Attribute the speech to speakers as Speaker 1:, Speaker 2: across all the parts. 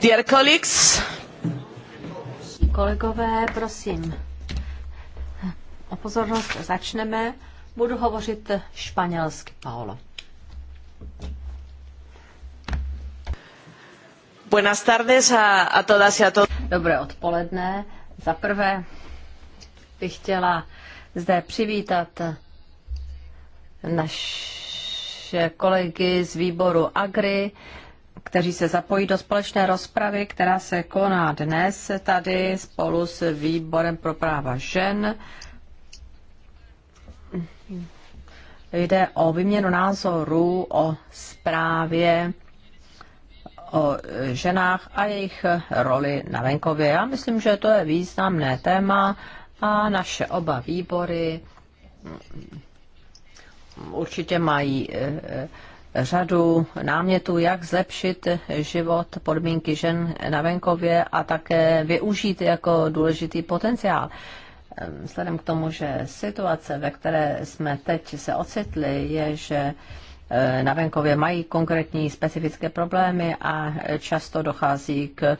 Speaker 1: Dear colleagues. Kolegové, prosím. O pozornost začneme. Budu hovořit španělsky, Paolo. Buenas tardes a, a todas y a todos. Dobré odpoledne. Za prvé bych chtěla zde přivítat naše kolegy z výboru Agri, kteří se zapojí do společné rozpravy, která se koná dnes tady spolu s Výborem pro práva žen. Jde o výměnu názorů o zprávě o ženách a jejich roli na venkově. Já myslím, že to je významné téma a naše oba výbory určitě mají eh, řadu námětů, jak zlepšit život, podmínky žen na venkově a také využít jako důležitý potenciál. Vzhledem k tomu, že situace, ve které jsme teď se ocitli, je, že e, na venkově mají konkrétní specifické problémy a často dochází k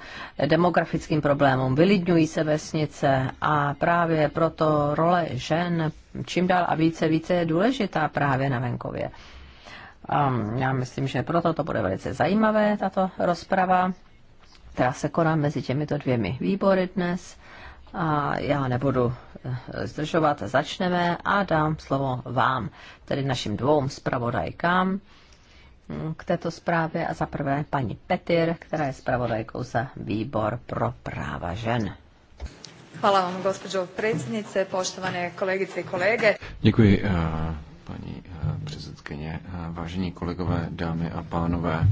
Speaker 1: demografickým problémům. Vylidňují se vesnice a právě proto role žen čím dál a více více je důležitá právě na venkově. A já myslím, že proto to bude velice zajímavé, tato rozprava, která se koná mezi těmito dvěmi výbory dnes. A já nebudu eh, zdržovat, začneme a dám slovo vám, tedy našim dvou zpravodajkám hm, k této zprávě a zaprvé paní Petir, která je zpravodajkou za výbor pro práva žen. Hvala vám, gospođo predsjednice, poštovane kolegice i kolege.
Speaker 2: Děkuji, eh, paní eh, předsedkyně, eh, vážení kolegové, dámy a pánové.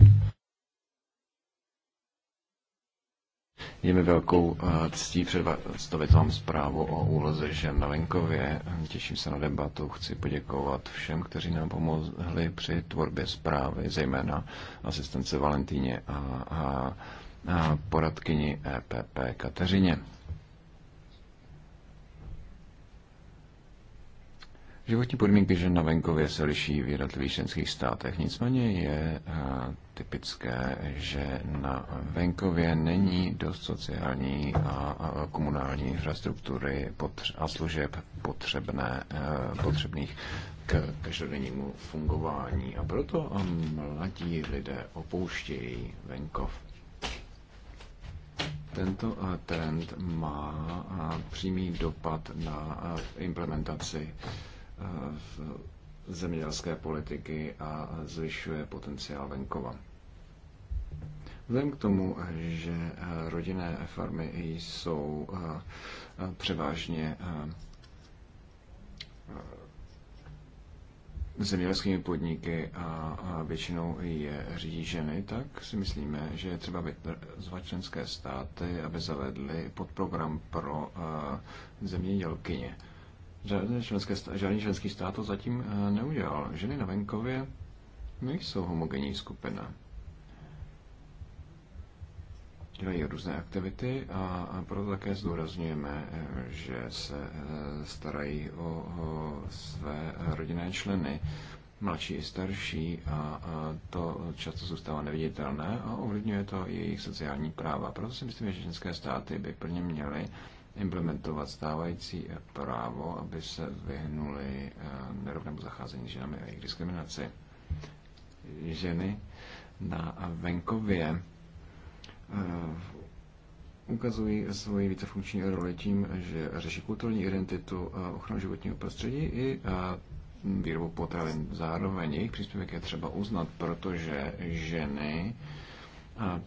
Speaker 2: Je mi velkou eh, ctí představit vám zprávu o úloze žen na venkově. Těším se na debatu. Chci poděkovat všem, kteří nám pomohli při tvorbě zprávy, zejména asistence Valentíně a, a, a poradkyni EPP Kateřině. Životní podmínky žen na venkově se liší v jednotlivých členských státech, nicméně je eh, typické, že na venkově není dost sociální a komunální infrastruktury a služeb potřebné, eh, potřebných k každodennímu fungování a proto mladí lidé opouštějí venkov. Tento eh, trend má přímý dopad na implementaci Eh, zemědělské politiky a zvyšuje potenciál venkova. Vzhledem k tomu, že eh, rodinné farmy jsou eh, převážně zemědělskými podniky a většinou je řídí ženy, tak si myslíme, že je třeba vyzvat členské státy, aby zavedly podprogram pro zemědělkyně žádný členský, žádný členský stát to zatím eh, neudělal. Ženy na venkově nejsou homogenní skupina. Dělají různé aktivity a proto také zdůrazňujeme, eh, že se eh, starají o, své rodinné členy, mladší i starší, a to často zůstává neviditelné a ovlivňuje to jejich sociální práva. Proto si myslím, že ženské státy by plně měly implementovat stávající právo, aby se vyhnuli eh, nerovnému zacházení ženami a jejich diskriminaci. Ženy na venkově eh, ukazují svoji vícefunkční roli tím, že řeší kulturní identitu, ochranu životního prostředí i eh, výrobu potravin. Zároveň jejich příspěvek je třeba uznat, protože ženy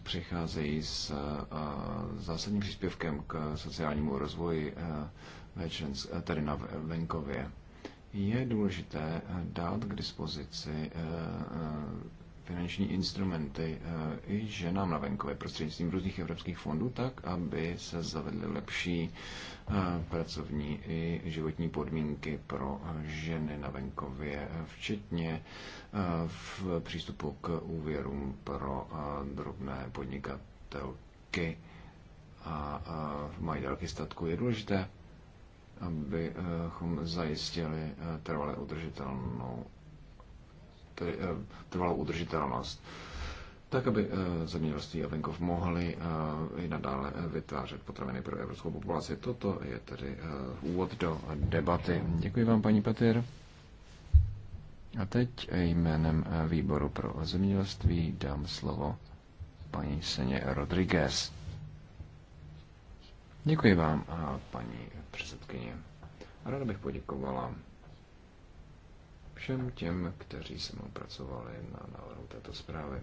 Speaker 2: přicházejí s zásadním příspěvkem k sociálnímu rozvoji tady na venkově. Je důležité dát k dispozici finanční instrumenty eh, i ženám na venkově prostřednictvím různých evropských fondů, tak aby se zavedly lepší eh, pracovní i životní podmínky pro ženy na venkově, včetně eh, v přístupu k úvěrům pro drobné podnikatelky a majitelky statku. Je důležité, abychom zajistili trvale udržitelnou tedy eh, trvalou udržitelnost, tak aby eh, zemědělství a venkov mohli eh, i nadále vytvářet potraviny pro evropskou populaci. Toto je tedy úvod do debaty. Děkuji vám, paní Petr. A teď jménem výboru pro zemědělství dám slovo paní Seně Rodriguez. Děkuji vám, paní předsedkyně. Ráda bych poděkovala všem těm, kteří se mnou pracovali na návrhu této zprávy.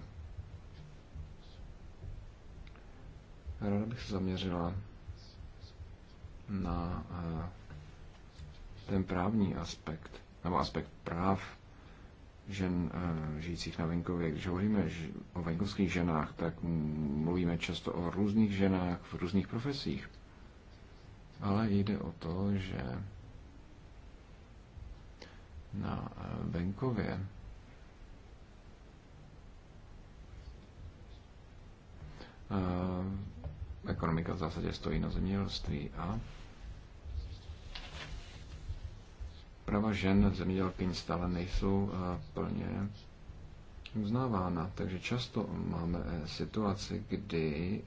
Speaker 2: Ráda bych se zaměřila na eh, ten právní aspekt, nebo aspekt práv žen eh, žijících na venkově. Když hovoříme o venkovských ženách, tak mluvíme často o různých ženách v různých profesích. Ale jde o to, že na eh, venkově, eh, ekonomika v zásadě stojí na zemědělství a Prava žen zemědělkyň stále nejsou eh, plně uznávána. Takže často máme situaci, kdy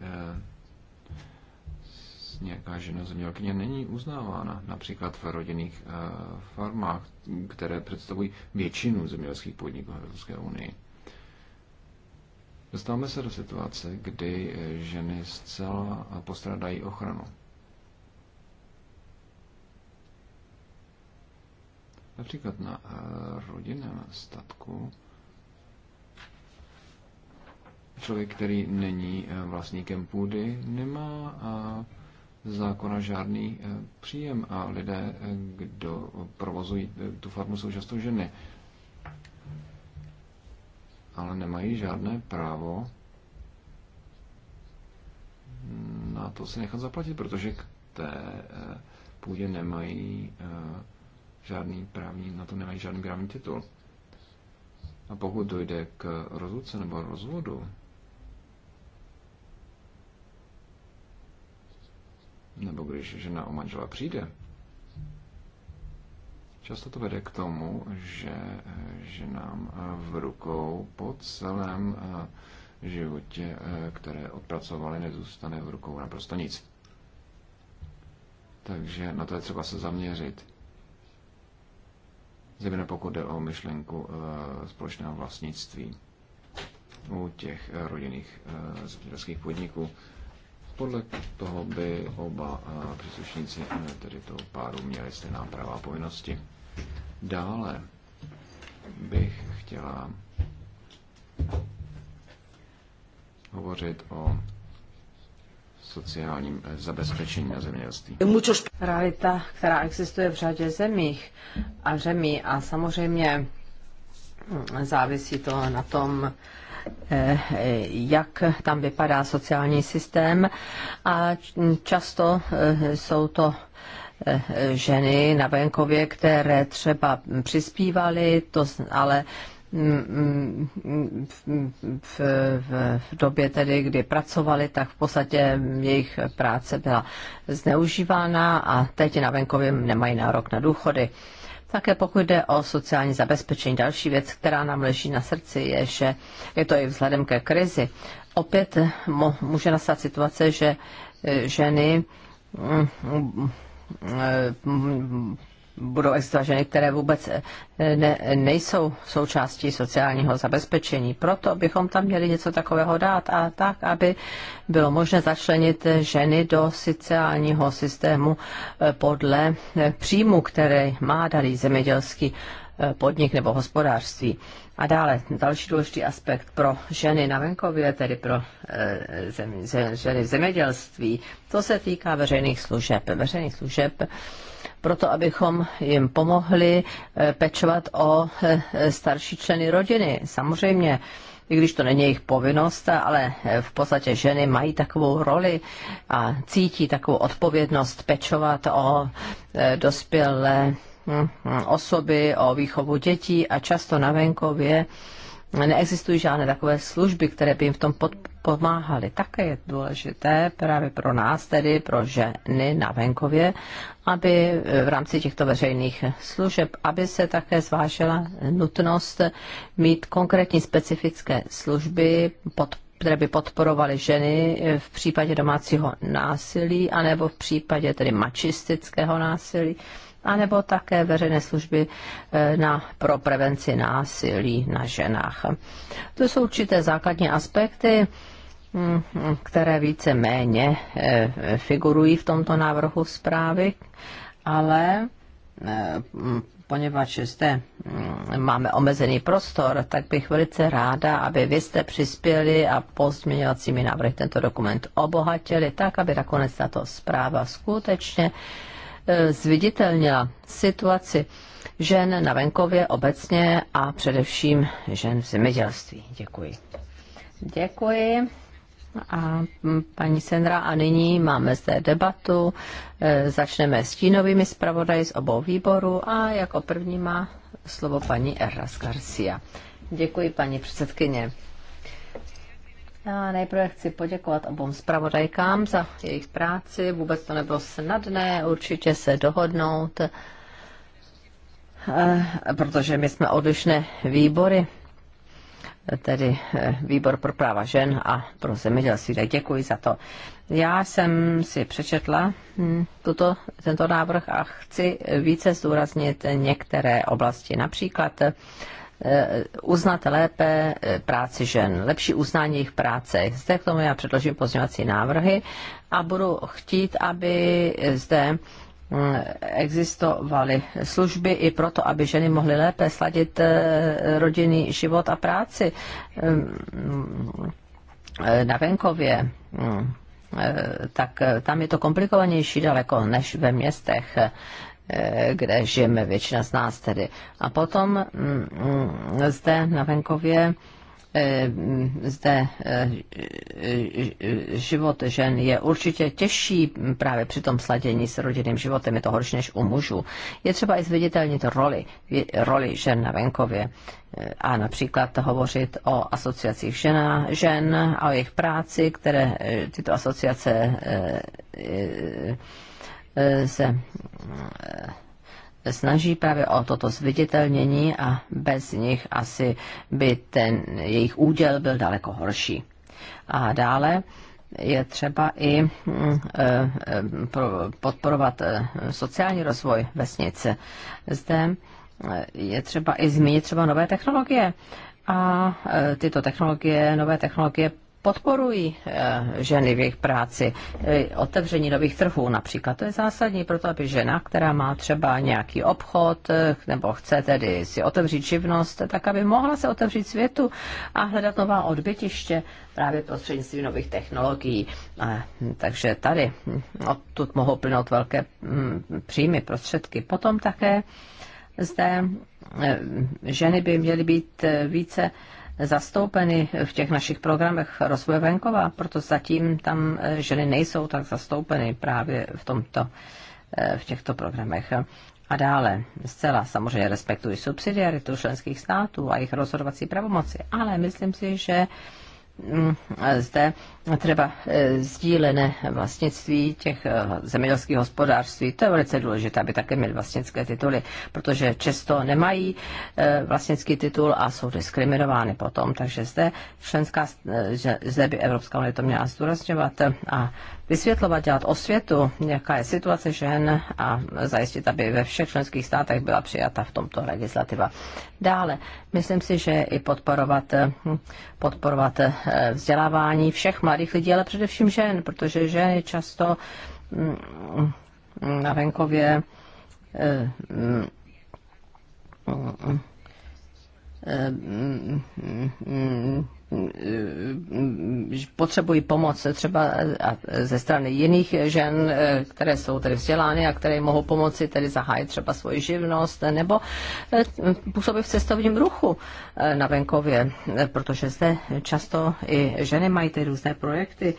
Speaker 2: nějaká vlastně, žena zemědělkyně není uznávána, například v rodinných eh, farmách, které představují většinu zemědělských podniků Evropské unii. Dostáváme se do situace, kdy eh, ženy zcela eh, postradají ochranu. Například na rodinném statku člověk, který není vlastníkem půdy, nemá zákona žádný eh, příjem a lidé, eh, kdo provozují eh, tu farmu, jsou často ženy. Ale nemají žádné právo na to si nechat zaplatit, protože k té půdě nemají žádný právní, na to nemají žádný právní titul. A pokud dojde k rozluce nebo rozvodu, nebo když žena o manžela přijde, často to vede k tomu, že, eh, že nám eh, v rukou po celém eh, životě, které odpracovali, nezůstane v rukou naprosto nic. Takže na to je třeba se zaměřit. Zejména pokud jde o myšlenku společného vlastnictví u těch rodinných zemědělských podniků podle toho by oba příslušníci tedy toho páru měli stejná práva a povinnosti. Dále bych chtěla hovořit o sociálním eh, zabezpečení na zemědělství.
Speaker 1: Realita, která existuje v řadě zemích a zemí a samozřejmě hm, závisí to na tom, Eh, jak tam vypadá sociální systém a často eh, jsou to eh, ženy na venkově, které třeba přispívaly, to, ale v, v, v době tedy, kdy pracovali, tak v podstatě jejich práce byla zneužívána a teď na venkově nemají nárok na důchody. Také pokud jde o sociální zabezpečení, další věc, která nám leží na srdci, je, že je to i vzhledem ke krizi. Opět může nastat situace, že eh, ženy mm, mm, eh, budou extraženy, které vůbec eh, ne, nejsou součástí sociálního zabezpečení. Proto bychom tam měli něco takového dát a tak, aby bylo možné začlenit ženy do sociálního systému eh, podle eh, příjmu, který má daný zemědělský podnik nebo hospodářství. A dále další důležitý aspekt pro ženy na venkově, tedy pro zem, zem, ženy v zemědělství, to se týká veřejných služeb. Veřejných služeb proto abychom jim pomohli eh, pečovat o eh, starší členy rodiny. Samozřejmě, i když to není jejich povinnost, ale eh, v podstatě ženy mají takovou roli a cítí takovou odpovědnost pečovat o dospělé hm, hm, osoby, o výchovu dětí a často na venkově neexistují žádné takové služby, které by jim v tom pomáhaly. Také je důležité právě pro nás, tedy pro ženy na venkově, aby eh, v rámci těchto veřejných služeb, aby se také zvážila nutnost mít konkrétní specifické služby pod které by podporovaly ženy eh, v případě domácího násilí anebo v případě tedy mačistického násilí anebo také veřejné služby eh, na, pro prevenci násilí na ženách. To jsou určité základní aspekty, mm, které více méně eh, figurují v tomto návrhu zprávy, ale eh, poněvadž jste, mm, máme omezený prostor, tak bych velice ráda, aby vy jste přispěli a pozměňovacími návrhy tento dokument obohatili, tak, aby nakonec tato zpráva skutečně eh, E, zviditelnila situaci žen na venkově obecně a především žen v zemědělství. Děkuji. Děkuji. A paní Senra, a nyní máme zde debatu. E, začneme s tínovými zpravodaji z obou výborů a jako první má slovo paní Erras Garcia. Děkuji, paní předsedkyně. Já nejprve chci poděkovat obou zpravodajkám za jejich práci. Vůbec to nebylo snadné, určitě se dohodnout, eh, protože my jsme odlišné výbory, tedy eh, výbor pro práva žen a pro zemědělství. Tak děkuji za to. Já jsem si přečetla hm, tuto, tento návrh a chci více zdůraznit některé oblasti. Například eh, Eh, uznat lépe eh, práci žen, lepší uznání jejich práce. Zde k tomu já předložím pozměňovací návrhy a budu chtít, aby zde mm, existovaly služby i proto, aby ženy mohly lépe sladit eh, rodinný život a práci mm, na venkově mm, tak tam je to komplikovanější daleko než ve městech. Eh, kde žijeme většina z nás tedy. A potom mm, mm, zde na venkově eh, mm, zde eh, život žen je určitě těžší právě při tom sladění s rodinným životem, je to horší než u mužů. Je třeba i zviditelnit roli, roli žen na venkově a například hovořit o asociacích žena, žen a o jejich práci, které tyto asociace E, se e, snaží právě o toto zviditelnění a bez nich asi by ten jejich úděl byl daleko horší. A dále je třeba i mm, e, podporovat sociální rozvoj vesnice. Zde je třeba i zmínit třeba nové technologie. A tyto technologie, nové technologie podporují eh, ženy v jejich práci. Eh, otevření nových trhů například, to je zásadní proto, aby žena, která má třeba nějaký obchod eh, nebo chce tedy si otevřít živnost, tak aby mohla se otevřít světu a hledat nová odbytiště právě prostřednictvím nových technologií. Hm, takže tady hm, odtud mohou plynout velké hm, příjmy, prostředky. Potom také zde ženy by měly být více zastoupeny v těch našich programech rozvoje venkova, proto zatím tam ženy nejsou tak zastoupeny právě v, tomto, eh, v těchto programech. A dále, zcela samozřejmě respektuji subsidiaritu členských států a jejich rozhodovací pravomoci, ale myslím si, že mm, zde třeba e, sdílené vlastnictví těch e, zemědělských hospodářství. To je velice důležité, aby také měli vlastnické tituly, protože často nemají e, vlastnický titul a jsou diskriminovány potom. Takže zde, členská, zde by Evropská unie to měla zdůrazňovat a vysvětlovat, dělat osvětu, jaká je situace žen a zajistit, aby ve všech členských státech byla přijata v tomto legislativa. Dále, myslím si, že i podporovat, podporovat vzdělávání všech mladých mladých lidí, ale především žen, protože ženy často mm, mm, na venkově eh, mm, Eh, potřebují pomoc třeba ze strany jiných žen, eh, které jsou tedy vzdělány a které mohou pomoci tedy zahájit třeba svoji živnost nebo eh, působit v cestovním ruchu na venkově, protože zde často i ženy mají ty různé projekty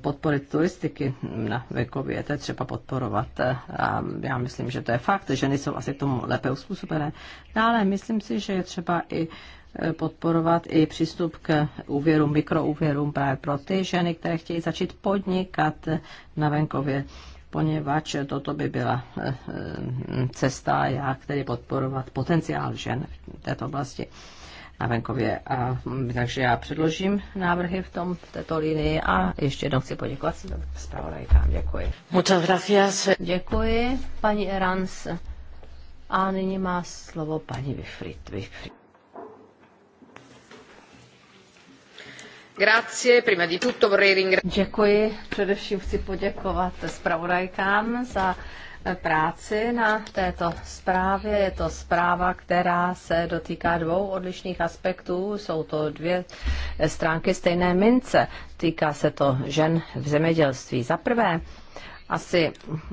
Speaker 1: podpory turistiky na venkově, to třeba podporovat. A já myslím, že to je fakt, ženy jsou asi tomu lépe uspůsobené. Dále myslím si, že je třeba i Eh, podporovat i přístup k úvěrům, mikroúvěrům právě pro ty ženy, které chtějí začít podnikat na venkově, poněvadž toto by byla eh, eh, cesta, jak tedy podporovat potenciál žen v této oblasti na venkově. A, hm, takže já předložím návrhy v, tom, v této linii a ještě jednou chci poděkovat zpravodajkám. Děkuji. Muchas gracias. Děkuji, paní Erans. A nyní má slovo paní Wifrit. Wifrit. Děkuji. Především chci poděkovat zpravodajkám za eh, práci na této zprávě. Je to zpráva, která se dotýká dvou odlišných aspektů. Jsou to dvě eh, stránky stejné mince. Týká se to žen v zemědělství. Za prvé, asi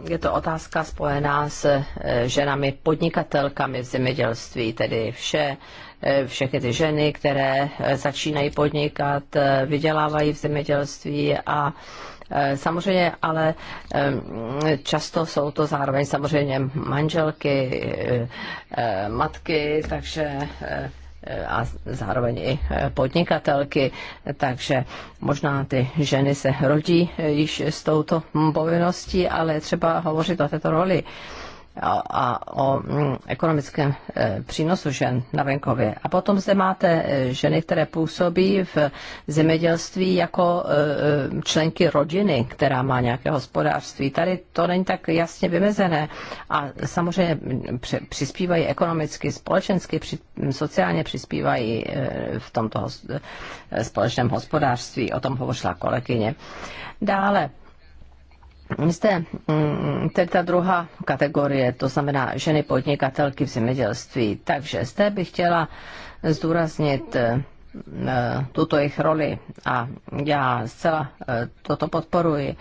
Speaker 1: je to otázka spojená s eh, ženami podnikatelkami v zemědělství, tedy vše Eh, všechny ty ženy, které eh, začínají podnikat, eh, vydělávají v zemědělství a Samozřejmě, ale často jsou to zároveň samozřejmě manželky, matky, takže a zároveň i podnikatelky, takže možná ty ženy se rodí již s touto povinností, ale třeba hovořit o této roli a, a o mm, ekonomickém e, přínosu žen na venkově. A potom zde máte e, ženy, které působí v zemědělství jako e, členky rodiny, která má nějaké hospodářství. Tady to není tak jasně vymezené a samozřejmě přispívají ekonomicky, společensky, sociálně přispívají v tomto společném hospodářství. O tom hovořila kolegyně. Dále to mm, tedy ta druhá kategorie, to znamená ženy podnikatelky v zemědělství. Takže jste bych chtěla zdůraznit eh, tuto jejich roli a já zcela eh, toto podporuji,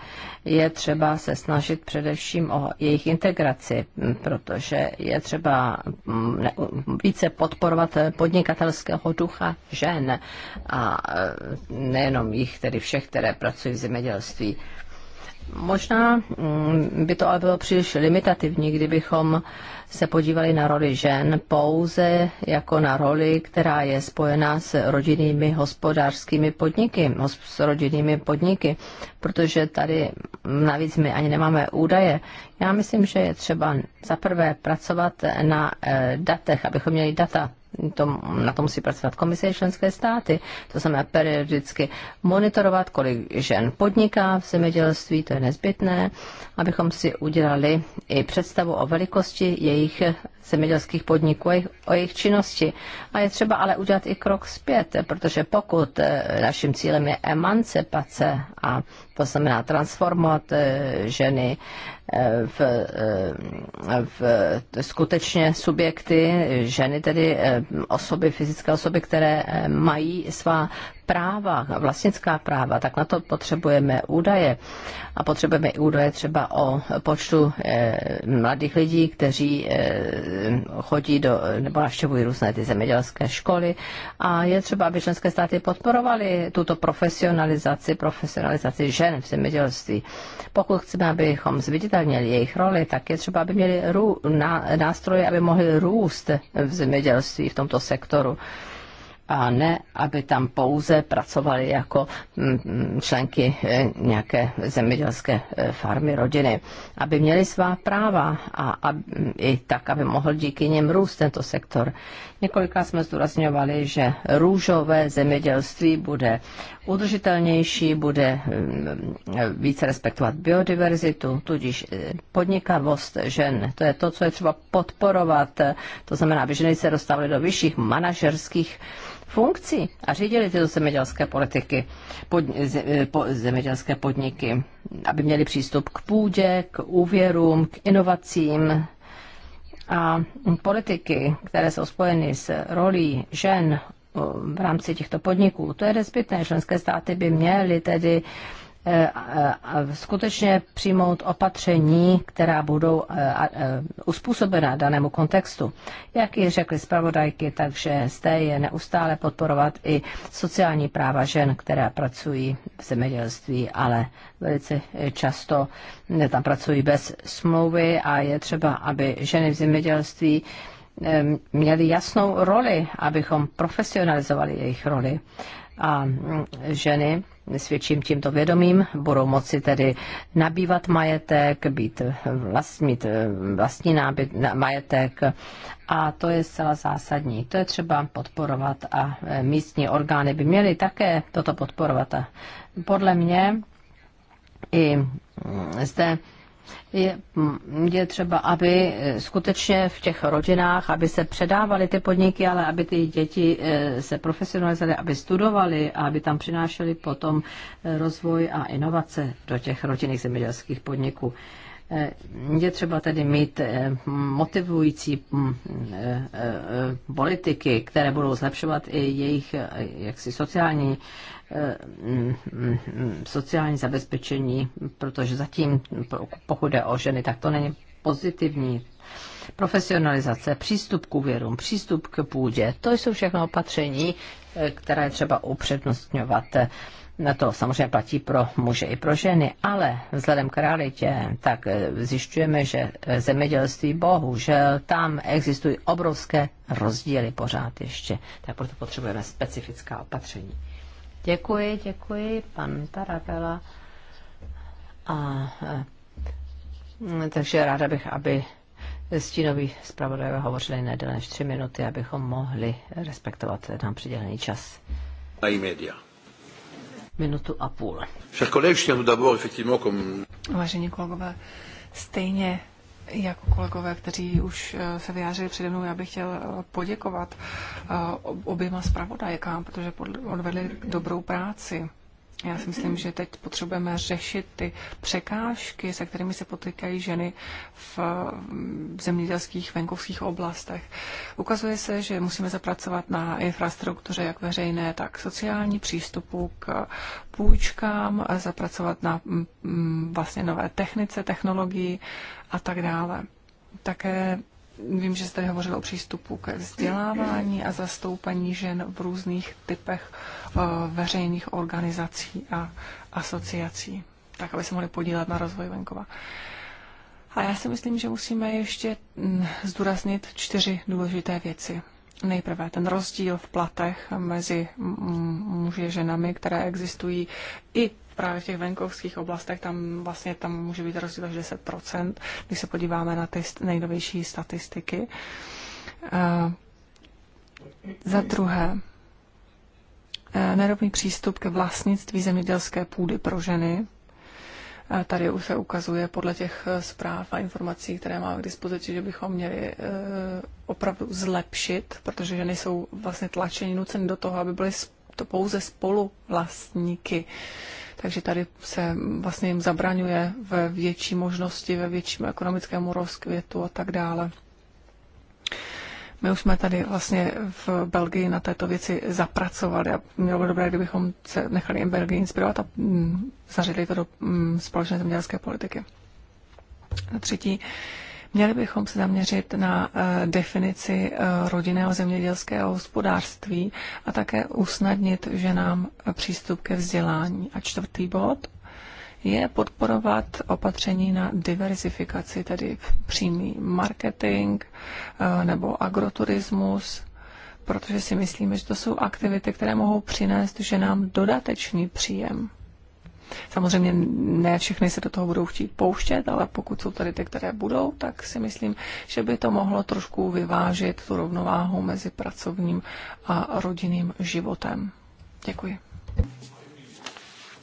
Speaker 1: je třeba se snažit především o jejich integraci, mm, protože je třeba mm, více podporovat eh, podnikatelského ducha žen a nejenom jich, tedy všech, které pracují v zemědělství. Možná mm, by to ale bylo příliš limitativní, kdybychom se podívali na roli žen pouze jako na roli, která je spojená s rodinnými hospodářskými podniky, s rodinnými podniky, protože tady navíc my ani nemáme údaje. Já myslím, že je třeba zaprvé pracovat na eh, datech, abychom měli data to, na to musí pracovat komise členské státy. To znamená periodicky monitorovat, kolik žen podniká v zemědělství, to je nezbytné, abychom si udělali i představu o velikosti jejich zemědělských podniků o jejich činnosti. A je třeba ale udělat i krok zpět, protože pokud eh, naším cílem je emancipace a to znamená transformovat eh, ženy eh, v, v skutečně subjekty, ženy tedy osoby, fyzické osoby, které mají svá práva, vlastnická práva, tak na to potřebujeme údaje. A potřebujeme i údaje třeba o počtu eh, mladých lidí, kteří eh, chodí do, nebo navštěvují různé ty zemědělské školy. A je třeba, aby členské státy podporovaly tuto profesionalizaci, profesionalizaci žen v zemědělství. Pokud chceme, abychom zviditelnili jejich roli, tak je třeba, aby měli rů, nástroje, aby mohli růst v zemědělství v tomto sektoru a ne, aby tam pouze pracovali jako mm, mm, členky eh, nějaké zemědělské eh, farmy rodiny. Aby měli svá práva a, a i tak, aby mohl díky něm růst tento sektor. Několikrát jsme zdůrazňovali, že růžové zemědělství bude udržitelnější, bude mm, více respektovat biodiverzitu, tudíž eh, podnikavost žen. To je to, co je třeba podporovat. To znamená, aby ženy se dostávaly do vyšších manažerských funkcí a řídili tyto zemědělské politiky, pod, eh, zemědělské podniky, aby měli přístup k půdě, k úvěrům, k inovacím a politiky, které jsou spojeny s rolí žen eh, v rámci těchto podniků. To je nezbytné. Členské státy by měly tedy uh, Eh, skutečně přijmout opatření, která budou eh, eh, uspůsobena danému kontextu. Jak ji řekly zpravodajky, takže zde je neustále podporovat i sociální práva žen, které pracují v zemědělství, ale velice často tam pracují bez smlouvy a je třeba, aby ženy v zemědělství měly jasnou roli, abychom profesionalizovali jejich roli. A mm, ženy svědčím tímto vědomím, budou moci tedy nabývat majetek, být vlastnit eh, vlastní nábyt, majetek a to je zcela zásadní. To je třeba podporovat a eh, místní orgány by měly také toto podporovat. A podle mě i mm, zde je, mm, je třeba, aby eh, skutečně v těch rodinách, aby se předávaly ty podniky, ale aby ty děti eh, se profesionalizovaly, aby studovali a aby tam přinášeli potom eh, rozvoj a inovace do těch rodinných zemědělských podniků. Eh, je třeba tedy mít eh, motivující mm, eh, politiky, které budou zlepšovat i jejich jaksi sociální, mm, mm, sociální zabezpečení, protože zatím, pokud jde o ženy, tak to není pozitivní. Profesionalizace, přístup k úvěrům, přístup k půdě, to jsou všechno opatření, která je třeba upřednostňovat na to samozřejmě platí pro muže i pro ženy, ale vzhledem k realitě, tak eh, zjišťujeme, že eh, zemědělství bohužel tam existují obrovské rozdíly pořád ještě. Tak proto potřebujeme specifická opatření. Děkuji, děkuji, pan Tarabela. A, eh, takže ráda bych, aby stínoví zpravodajové hovořili nedéle než tři minuty, abychom mohli respektovat nám přidělený čas. A i média minutu a půl.
Speaker 3: Vážení kolegové, stejně jako kolegové, kteří už eh, se vyjádřili přede mnou, já bych chtěl eh, poděkovat eh, oběma zpravodajkám, protože odvedli dobrou práci. Já si myslím, že teď potřebujeme řešit ty překážky, se kterými se potýkají ženy v zemědělských venkovských oblastech. Ukazuje se, že musíme zapracovat na infrastruktuře jak veřejné, tak sociální přístupu k půjčkám, zapracovat na mm, mm, vlastně nové technice, technologii a tak dále. Také Vím, že jste tady hovořil o přístupu ke vzdělávání a zastoupení žen v různých typech eh, veřejných organizací a asociací, tak aby se mohli podílet na rozvoji venkova. A já si myslím, že musíme ještě mm, zdůraznit čtyři důležité věci. Nejprve ten rozdíl v platech mezi muži a ženami, které existují i právě v těch venkovských oblastech, tam vlastně tam může být rozdíl až 10 když se podíváme na ty nejnovější statistiky. Eh, za druhé, eh, nerovný přístup ke vlastnictví zemědělské půdy pro ženy. Eh, tady už se ukazuje podle těch zpráv a informací, které máme k dispozici, že bychom měli opravdu zlepšit, protože ženy jsou vlastně tlačeny, nuceny do toho, aby byly to pouze spoluvlastníky takže tady se vlastně jim zabraňuje ve větší možnosti, ve větším ekonomickému rozkvětu a tak dále. My už jsme tady vlastně v Belgii na této věci zapracovali a mělo by dobré, kdybychom se nechali jim Belgii inspirovat a mm, zařadili to do mm, společné zemědělské politiky. Na třetí Měli bychom se zaměřit na eh, definici eh, rodinného zemědělského hospodářství a také usnadnit ženám eh, přístup ke vzdělání. A čtvrtý bod je podporovat opatření na diverzifikaci, tedy přímý marketing nebo agroturismus, protože si myslíme, že to jsou aktivity, které mohou přinést ženám dodatečný příjem. Samozřejmě ne všechny se do toho budou chtít pouštět, ale pokud jsou tady ty, které budou, tak si myslím, že by to mohlo trošku vyvážit tu rovnováhu mezi pracovním a rodinným životem. Děkuji.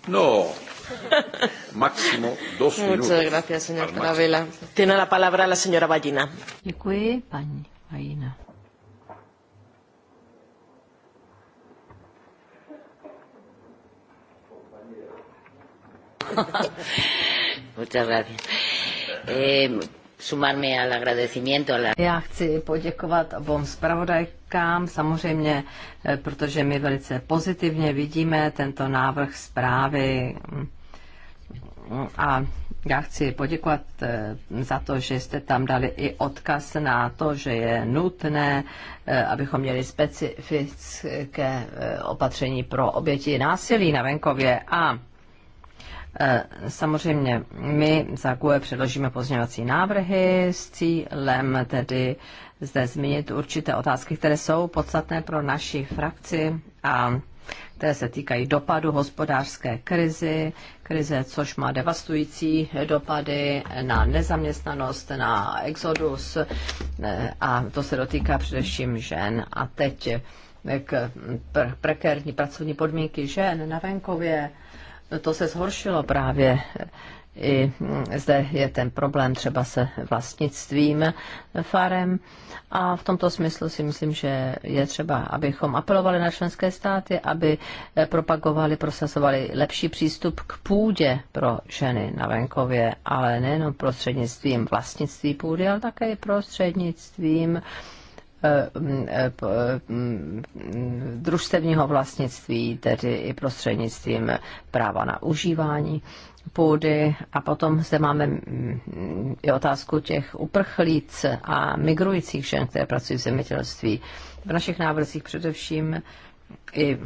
Speaker 2: No, máximo dos minutos. Muchas gracias,
Speaker 1: señor la palabra la señora Ballina. Děkuji, paní Ballina. Muchas gracias. Eh, sumarme al agradecimiento. A la... Já chci poděkovat obom zpravodajkám, samozřejmě, eh, protože my velice pozitivně vidíme tento návrh zprávy a já chci poděkovat eh, za to, že jste tam dali i odkaz na to, že je nutné, eh, abychom měli specifické opatření pro oběti násilí na venkově a Eh, samozřejmě my za GUE předložíme pozměňovací návrhy s cílem tedy zde zmínit určité otázky, které jsou podstatné pro naši frakci a které se týkají dopadu hospodářské krizi, krize, což má devastující dopady na nezaměstnanost, na exodus eh, a to se dotýká především žen. A teď k prekérní pracovní podmínky žen na venkově to se zhoršilo právě. I mm, zde je ten problém třeba se vlastnictvím farem. A v tomto smyslu si myslím, že je třeba, abychom apelovali na členské státy, aby eh, propagovali, prosazovali lepší přístup k půdě pro ženy na venkově, ale nejenom prostřednictvím vlastnictví půdy, ale také prostřednictvím eh, Eh, eh, eh, družstevního vlastnictví, tedy i prostřednictvím práva na užívání půdy. A potom zde máme i otázku těch uprchlíc a migrujících žen, které pracují v zemědělství. V našich návrzích především i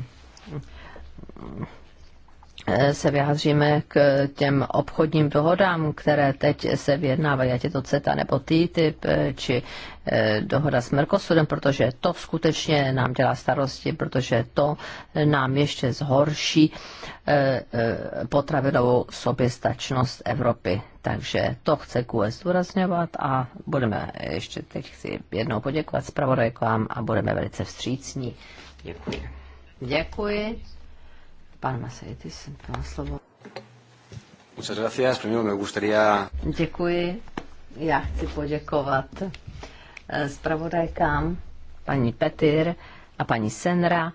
Speaker 1: Eh, se vyjádříme k těm obchodním dohodám, které teď se vyjednávají, ať je to CETA nebo TTIP, eh, či eh, dohoda s Mercosurem, protože to skutečně nám dělá starosti, protože to nám ještě zhorší potravinovou soběstačnost Evropy. Takže to chce QS zdůrazňovat a budeme ještě teď chci jednou poděkovat zpravodajkám a budeme velice vstřícní. Děkuji. Děkuji. Pan Masejtis má slovo.
Speaker 2: Muchas gracias. Primero me gustaría...
Speaker 1: Děkuji. Já chci poděkovat eh, zpravodajkám, paní Petir a paní Senra,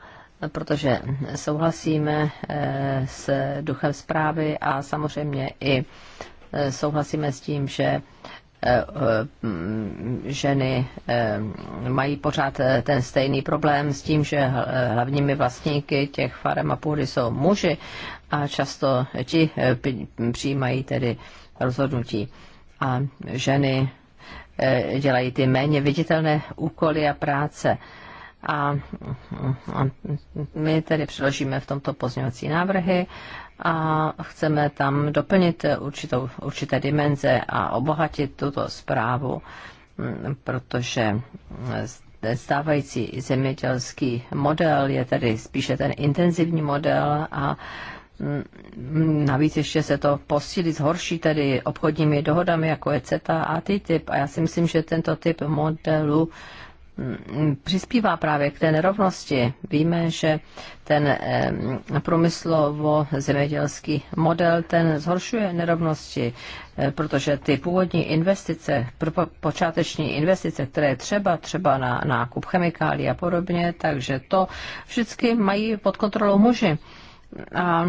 Speaker 1: protože souhlasíme eh, s duchem zprávy a samozřejmě i eh, souhlasíme s tím, že Eh, eh, ženy eh, mají pořád ten stejný problém s tím, že hlavními vlastníky těch farem a půdy jsou muži a často ti přijímají tedy rozhodnutí. A ženy dělají ty méně viditelné úkoly a práce a, a my tedy přiložíme v tomto pozměňovací návrhy a chceme tam doplnit určitou, určité dimenze a obohatit tuto zprávu, protože stávající zemědělský model je tedy spíše ten intenzivní model a Navíc ještě se to posílí, zhorší tedy obchodními dohodami, jako je CETA a TTIP. A já si myslím, že tento typ modelu Mm, přispívá právě k té nerovnosti. Víme, že ten průmyslovo-zemědělský model ten zhoršuje nerovnosti, eh, protože ty původní investice, počáteční investice, které je třeba, třeba na nákup chemikálí a podobně, takže to vždycky mají pod kontrolou muži. A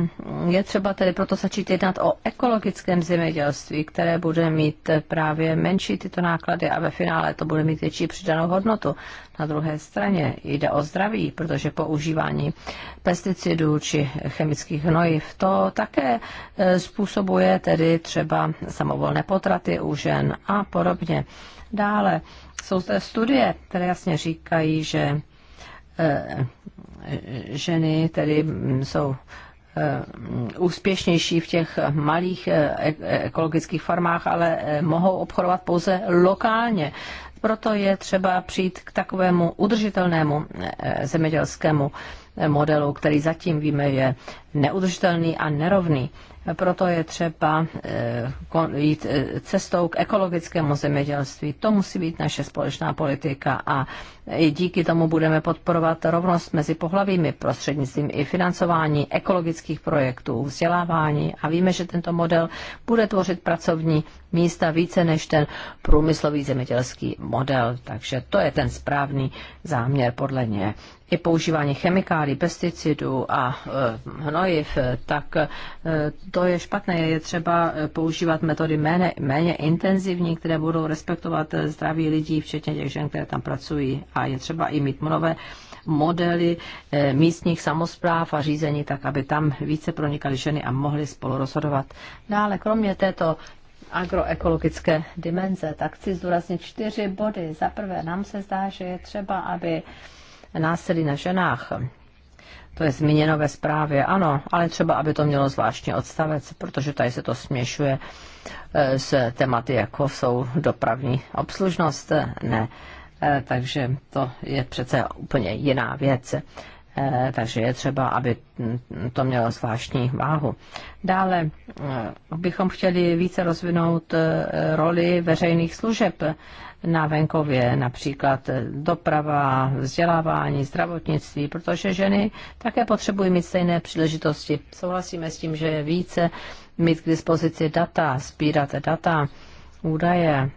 Speaker 1: je třeba tedy proto začít jednat o ekologickém zemědělství, které bude mít právě menší tyto náklady a ve finále to bude mít větší přidanou hodnotu. Na druhé straně jde o zdraví, protože používání pesticidů či chemických hnojiv to také e, způsobuje tedy třeba samovolné potraty u žen a podobně. Dále jsou zde studie, které jasně říkají, že e, ženy tedy mm, jsou eh, úspěšnější v těch malých eh, eh, ekologických farmách, ale mohou obchodovat pouze lokálně. Proto je třeba přijít k takovému udržitelnému zemědělskému modelu, který zatím víme je neudržitelný a nerovný. Proto je třeba eh, jít eh, cestou k ekologickému zemědělství. To musí být naše společná politika a i díky tomu budeme podporovat rovnost mezi pohlavími prostřednictvím i financování ekologických projektů, vzdělávání a víme, že tento model bude tvořit pracovní místa více než ten průmyslový zemědělský model. Takže to je ten správný záměr podle mě. I používání chemikálí, pesticidů a eh, hnojiv, tak eh, to je špatné. Je třeba eh, používat metody méně, méně intenzivní, které budou respektovat zdraví lidí, včetně těch žen, které tam pracují. A je třeba i mít nové modely místních samozpráv a řízení, tak aby tam více pronikaly ženy a mohly spolu rozhodovat. Dále, kromě této agroekologické dimenze, tak chci zdůraznit čtyři body. Za prvé, nám se zdá, že je třeba, aby násilí na ženách, to je zmíněno ve zprávě, ano, ale třeba, aby to mělo zvláštní odstavec, protože tady se to směšuje eh, s tématy, jako jsou dopravní obslužnost, ne. Eh, takže to je přece úplně jiná věc. Eh, takže je třeba, aby to mělo zvláštní váhu. Dále eh, bychom chtěli více rozvinout eh, roli veřejných služeb na venkově, například doprava, vzdělávání, zdravotnictví, protože ženy také potřebují mít stejné příležitosti. Souhlasíme s tím, že je více mít k dispozici data, sbírat data, údaje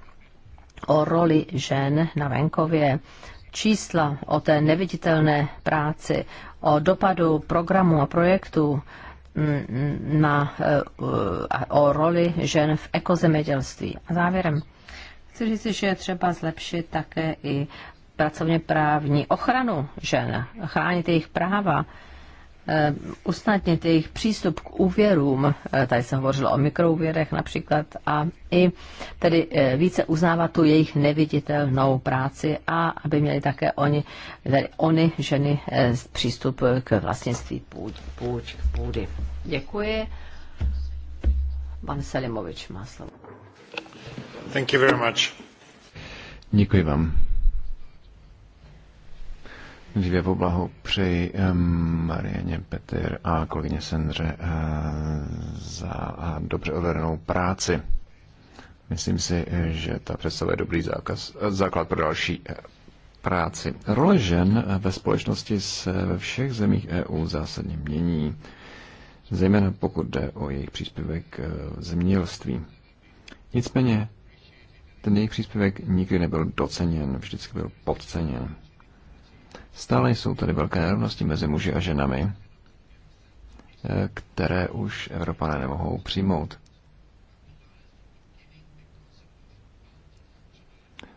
Speaker 1: o roli žen na venkově čísla o té neviditelné práci, o dopadu programu a projektu mm, mm, na, eh, o roli žen v ekozemědělství. A závěrem chci říct, že je třeba zlepšit také i pracovně právní ochranu žen, chránit jejich práva Eh, usnadnit jejich přístup k úvěrům, eh, tady jsem hovořila o mikrouvěrech například, a i tedy eh, více uznávat tu jejich neviditelnou práci a aby měli také oni, tedy oni ženy přístup k vlastnictví půd, půd, půdy. Děkuji. Pan Selimovič má slovo.
Speaker 2: Thank you very much. Děkuji vám. Dříve poblahu přeji Marianě Petr a kolegyně Sendře eh, za eh, dobře odvedenou práci. Myslím si, že ta představa je dobrý zákaz, eh, základ pro další práci. Role žen ve společnosti se ve všech zemích EU zásadně mění, zejména pokud jde o jejich příspěvek v zemědělství. Nicméně ten jejich příspěvek nikdy nebyl doceněn, vždycky byl podceněn. Stále jsou tady velké nerovnosti mezi muži a ženami, eh, které už Evropané nemohou přijmout.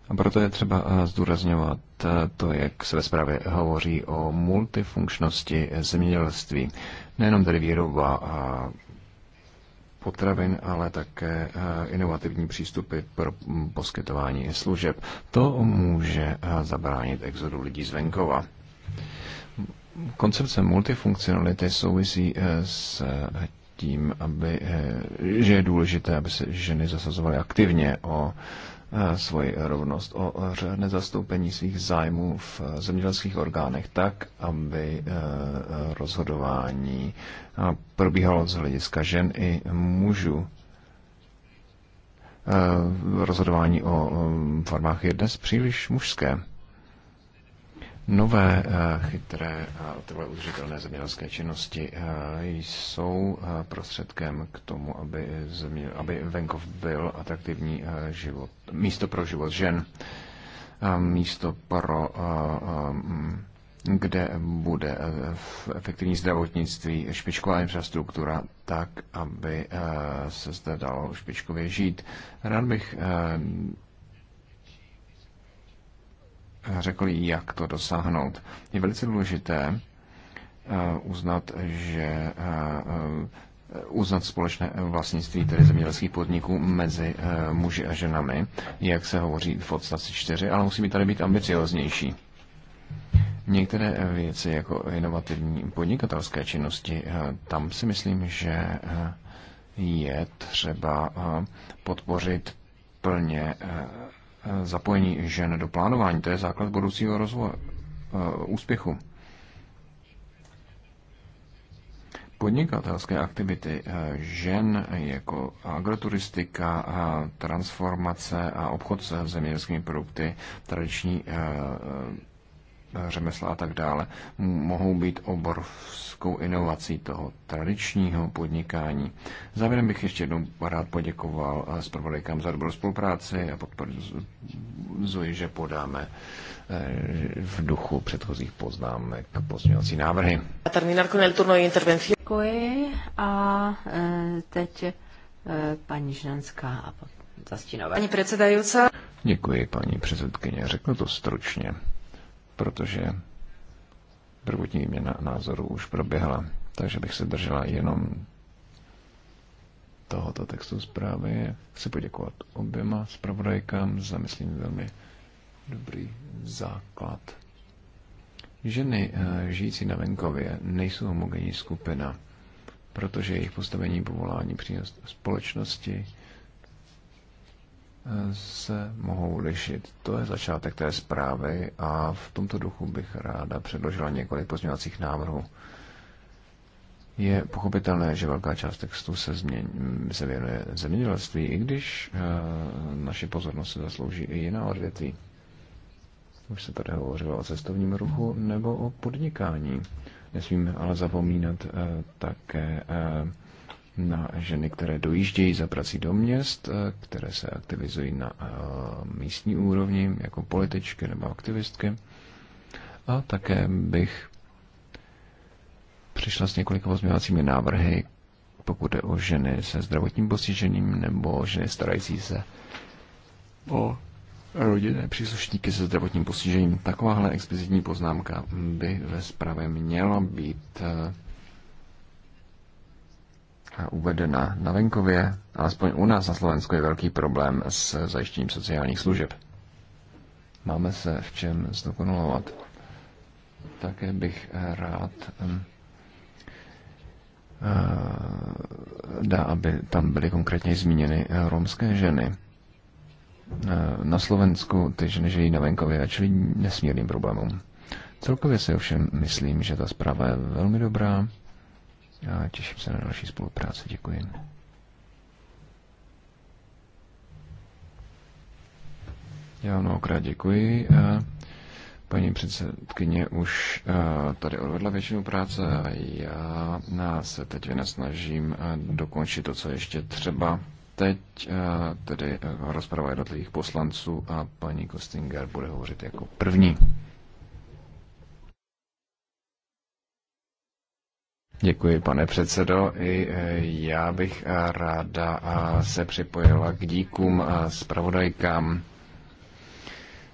Speaker 2: A proto je třeba eh, zdůrazňovat eh, to, jak se ve zprávě hovoří o multifunkčnosti zemědělství. Nejenom tedy výroba a potravin, ale také eh, inovativní přístupy pro mm, poskytování služeb. To může eh, zabránit exodu lidí z venkova. Koncepce multifunkcionality souvisí eh, s tím, aby, že je důležité, aby se ženy zasazovaly aktivně o Eh, svoji rovnost o řádné eh, zastoupení svých zájmů v eh, zemědělských orgánech tak, aby rozhodování probíhalo z hlediska žen i mužů. Rozhodování o farmách je dnes příliš mužské. Nové eh, chytré a trvalé udržitelné zemědělské činnosti eh, jsou eh, prostředkem k tomu, aby, země, aby venkov byl atraktivní život, místo pro život žen, místo pro kde bude v efektivní zdravotnictví špičková infrastruktura tak, aby se zde dalo špičkově žít. Rád bych řekl, jak to dosáhnout. Je velice důležité eh, uznat, že eh, eh, uznat společné vlastnictví tedy zemědělských podniků mezi muži a ženami, jak se hovoří v odstavci 4, ale musí být tady být ambicioznější. Některé věci jako inovativní podnikatelské činnosti, tam si myslím, že je třeba podpořit plně zapojení žen do plánování. To je základ budoucího rozvoje, eh, úspěchu. Podnikatelské aktivity eh, žen jako agroturistika, eh, transformace a obchod se zemědělskými produkty, tradiční řemesla a tak dále, mohou být obrovskou inovací toho tradičního podnikání. Závěrem bych ještě jednou rád poděkoval s eh, zpravodajkám za dobrou spolupráci a podporuji, že podáme eh, v duchu předchozích poznámek pozměňovací návrhy.
Speaker 1: Děkuji a eh, teď paní Žnanská a zastínové. Paní předsedající.
Speaker 2: Děkuji, paní předsedkyně. Řeknu to stručně protože prvotní výměna názorů už proběhla. Takže bych se držela jenom tohoto textu zprávy. Chci poděkovat oběma zpravodajkám za, myslím, velmi dobrý základ. Ženy eh, žijící na venkově nejsou homogenní skupina, protože jejich postavení povolání přínos společnosti se mohou lišit. To je začátek té zprávy a v tomto duchu bych ráda předložila několik pozměňovacích návrhů. Je pochopitelné, že velká část textu se, změn, se věnuje zemědělství, i když e, naše pozornost se zaslouží i jiná odvětví. Už se tady hovořilo o cestovním ruchu nebo o podnikání. Nesmíme ale zapomínat e, také e, na ženy, které dojíždějí za prací do měst, eh, které se aktivizují na eh, místní úrovni jako političky nebo aktivistky. A také bych přišla s několika pozměňovacími návrhy, pokud je o ženy se zdravotním postižením nebo ženy starající se o rodinné příslušníky se zdravotním postižením. Takováhle explicitní poznámka by ve zprávě měla být eh, uvedena na venkově, alespoň u nás na Slovensku je velký problém s zajištěním sociálních služeb. Máme se v čem zdokonalovat. Také bych rád eh, dá, aby tam byly konkrétně zmíněny eh, romské ženy. Eh, na Slovensku ty ženy žijí na venkově a čili nesmírným problémům. Celkově si ovšem myslím, že ta zpráva je velmi dobrá a těším se na další spolupráci. Děkuji. Já vám mnohokrát děkuji. Paní předsedkyně už tady odvedla většinu práce a já se teď nesnažím dokončit to, co ještě třeba. Teď tedy rozprava jednotlivých poslanců a paní Kostinger bude hovořit jako první. Děkuji, pane předsedo. I e, já bych e, ráda e, se připojila k díkům a zpravodajkám.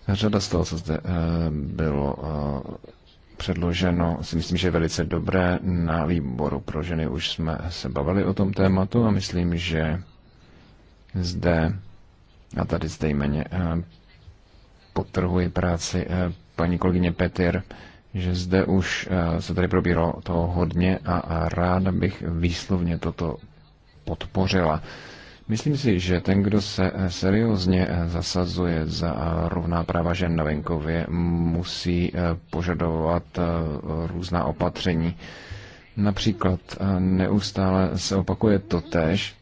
Speaker 2: Řada z toho, co zde bylo předloženo, si myslím, že je velice dobré. Na výboru pro ženy už jsme se bavili o tom tématu a myslím, že zde, a tady zde jméně potrhuji práci paní kolegyně Petr, že zde už eh, se tady probíralo toho hodně a ráda bych výslovně toto podpořila. Myslím si, že ten, kdo se eh, seriózně eh, zasazuje za rovná práva žen na venkově, musí požadovat různá opatření. Například neustále se opakuje to tež,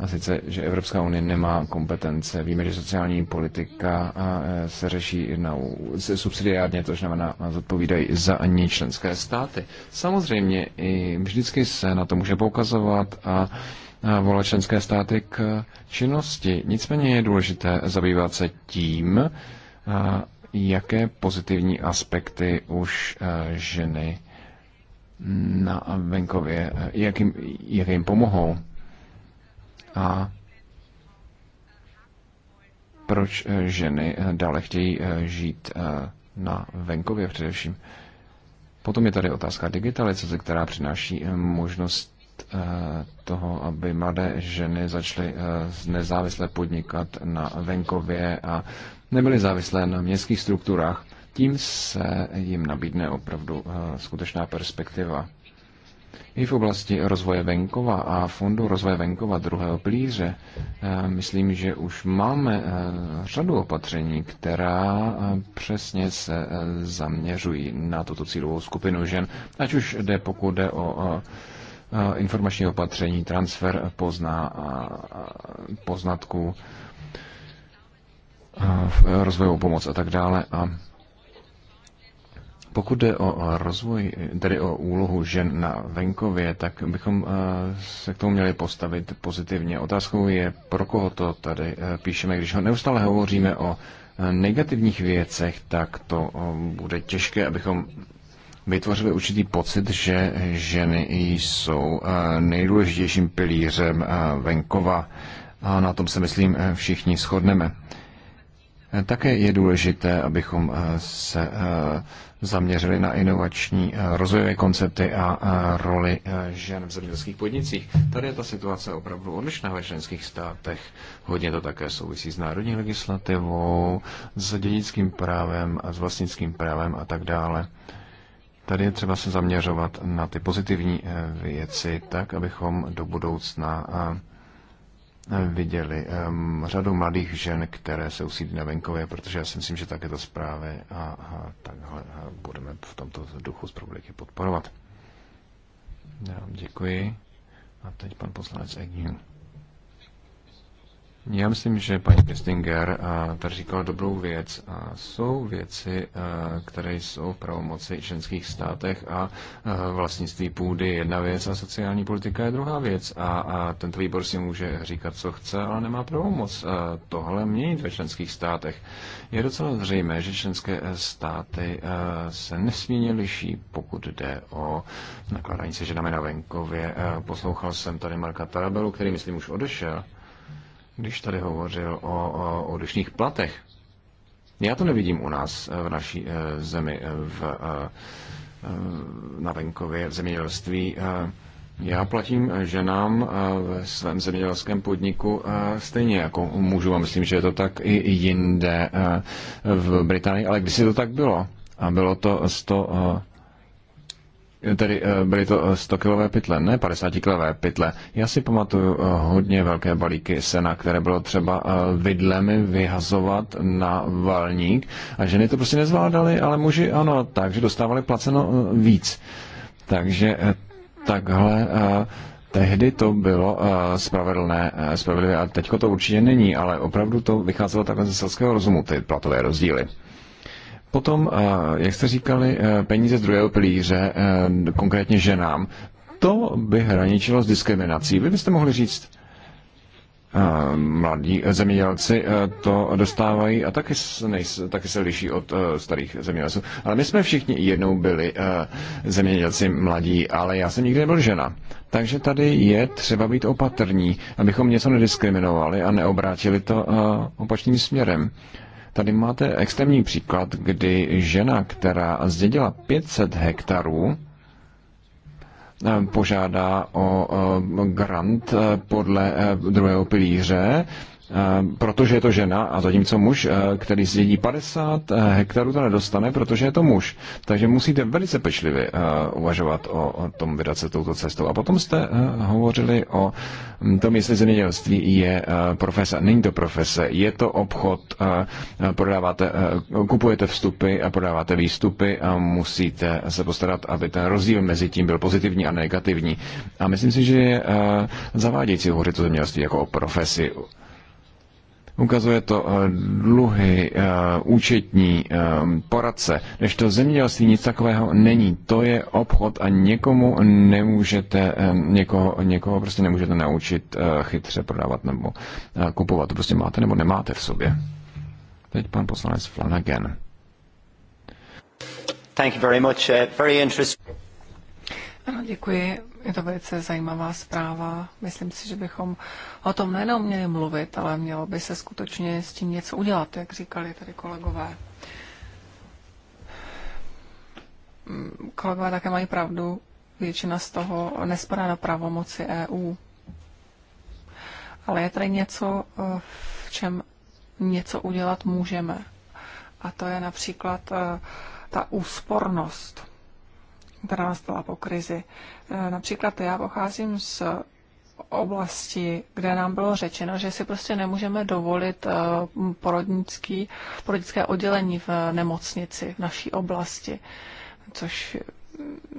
Speaker 2: a sice, že Evropská unie nemá kompetence. Víme, že sociální politika e, se řeší na, se subsidiárně, to znamená, zodpovídají za ani členské státy. Samozřejmě i vždycky se na to může poukazovat a volat členské státy k činnosti. Nicméně je důležité zabývat se tím, jaké pozitivní aspekty už e, ženy na venkově, e, jak jim, jak jim pomohou a proč eh, ženy eh, dále chtějí eh, žít na venkově především. Potom je tady otázka digitalizace, která přináší možnost toho, aby mladé ženy začaly nezávisle podnikat na venkově a nebyly závislé na městských strukturách. Tím se jim nabídne opravdu skutečná perspektiva. I v oblasti rozvoje venkova a fondu rozvoje venkova druhého plíře eh, myslím, že už máme eh, řadu opatření, která eh, přesně se zaměřují na tuto cílovou skupinu žen, ať už jde pokud jde o informační opatření, transfer pozná, poznatků, rozvojovou pomoc a tak dále. A pokud jde o rozvoj, tedy o úlohu žen na venkově, tak bychom eh, se k tomu měli postavit pozitivně. Otázkou je, pro koho to tady eh, píšeme. Když ho neustále hovoříme o eh, negativních věcech, tak to bude těžké, abychom vytvořili určitý pocit, že ženy jsou nejdůležitějším pilířem venkova. A na tom se, myslím, všichni shodneme. Také je důležité, abychom se zaměřili na inovační eh, rozvojové koncepty a eh, roli eh, žen v zemědělských podnicích. Tady je ta situace opravdu odlišná ve členských státech. Hodně to také souvisí s národní legislativou, s dědickým právem, s vlastnickým právem a tak dále. Tady je třeba se zaměřovat na ty pozitivní věci, tak abychom do budoucna viděli um, řadu mladých žen, které se usídlí na venkově, protože já si myslím, že tak je to správně a, a takhle a budeme v tomto duchu z publiky podporovat. Já vám děkuji. A teď pan poslanec Egnu. Já myslím, že paní Kistinger eh, tady říkala dobrou věc. A jsou věci, eh, které jsou v pravomoci ženských státech a eh, vlastnictví půdy je jedna věc a sociální politika je druhá věc. A, a tento výbor si může říkat, co chce, ale nemá pravomoc tohle měnit ve členských státech. Je docela zřejmé, že členské státy se nesmírně liší, pokud jde o nakládání se ženami na venkově. Poslouchal jsem tady Marka Tarabelu, který myslím už odešel když tady hovořil o, odlišných platech. Já to nevidím u nás eh, v naší eh, zemi, eh, v, na venkově, v zemědělství. Já platím ženám ve svém zemědělském podniku stejně jako mužům a myslím, že je to tak i jinde v Británii, ale kdysi to tak bylo. A bylo to 100 tedy eh, byly to 100-kilové eh, pytle, ne 50-kilové pytle. Já si pamatuju eh, hodně velké balíky sena, které bylo třeba vidlemi vyhazovat na valník a ženy to prostě nezvládaly, ale muži ano, takže dostávali placeno víc. Takže takhle tehdy to bylo spravedlné, spravedlivé a teďko to určitě není, ale opravdu to vycházelo takhle ze selského rozumu, ty platové rozdíly. Potom, eh, jak jste říkali, eh, peníze z druhého pilíře, eh, konkrétně ženám, to by hraničilo s diskriminací. Vy byste mohli říct, mladí zemědělci to dostávají a taky, nejs, taky se liší od starých zemědělců. Ale my jsme všichni jednou byli zemědělci mladí, ale já jsem nikdy nebyl žena. Takže tady je třeba být opatrní, abychom něco nediskriminovali a neobrátili to opačným směrem. Tady máte extrémní příklad, kdy žena, která zdědila 500 hektarů, eh, požádá o eh, grant eh, podle druhého pilíře, Ehm, protože je to žena a zatímco muž, eh, který zdědí 50 eh, hektarů, to nedostane, protože je to muž. Takže musíte velice pečlivě eh, uvažovat o tom vydat se touto cestou. A potom jste hovořili o hm, tom, jestli zemědělství je profese. Není to profese, je to obchod, prodáváte, kupujete vstupy a prodáváte výstupy a musíte se postarat, aby ten rozdíl mezi tím byl pozitivní a negativní. A myslím si, že je zavádějící hovořit o zemědělství jako o profesi. Ukazuje to eh, dluhy, eh, účetní, eh, poradce, než to zemědělství nic takového není. To je obchod a někomu nemůžete, někoho, někoho prostě nemůžete naučit chytře prodávat nebo kupovat. To prostě máte nebo nemáte v sobě. Teď pan poslanec Flanagan. Thank you very much. Uh, very interesting.
Speaker 3: Ano, děkuji. Je to velice zajímavá zpráva. Myslím si, že bychom o tom nejenom měli mluvit, ale mělo by se skutečně s tím něco udělat, jak říkali tady kolegové. Kolegové také mají pravdu, většina z toho nespadá na pravomoci EU. Ale je tady něco, v čem něco udělat můžeme. A to je například eh, ta úspornost která nastala po krizi. E, například já pocházím z oblasti, kde nám bylo řečeno, že si prostě nemůžeme dovolit e, porodnický, porodnické oddělení v nemocnici v naší oblasti, což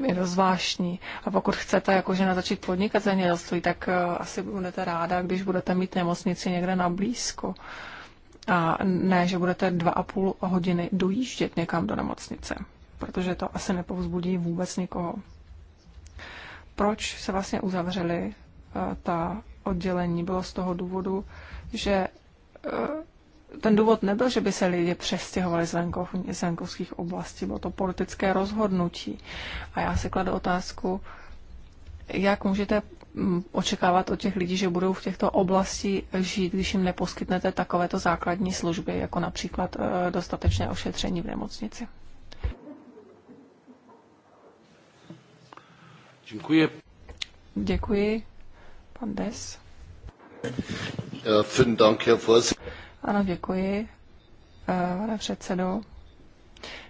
Speaker 3: je to zvláštní. A pokud chcete jako žena začít podnikat zemědělství, tak e, asi budete ráda, když budete mít nemocnici někde na blízko. A ne, že budete dva a půl hodiny dojíždět někam do nemocnice protože to asi nepovzbudí vůbec nikoho. Proč se vlastně uzavřeli eh, ta oddělení? Bylo z toho důvodu, že eh, ten důvod nebyl, že by se lidi přestěhovali z, venkov, z venkovských oblastí, bylo to politické rozhodnutí. A já si kladu otázku, jak můžete mm, očekávat od těch lidí, že budou v těchto oblasti žít, když jim neposkytnete takovéto základní služby, jako například eh, dostatečné ošetření v nemocnici. Děkuji. Děkuji. Pan Des. Ano, děkuji, eh, pane předsedo.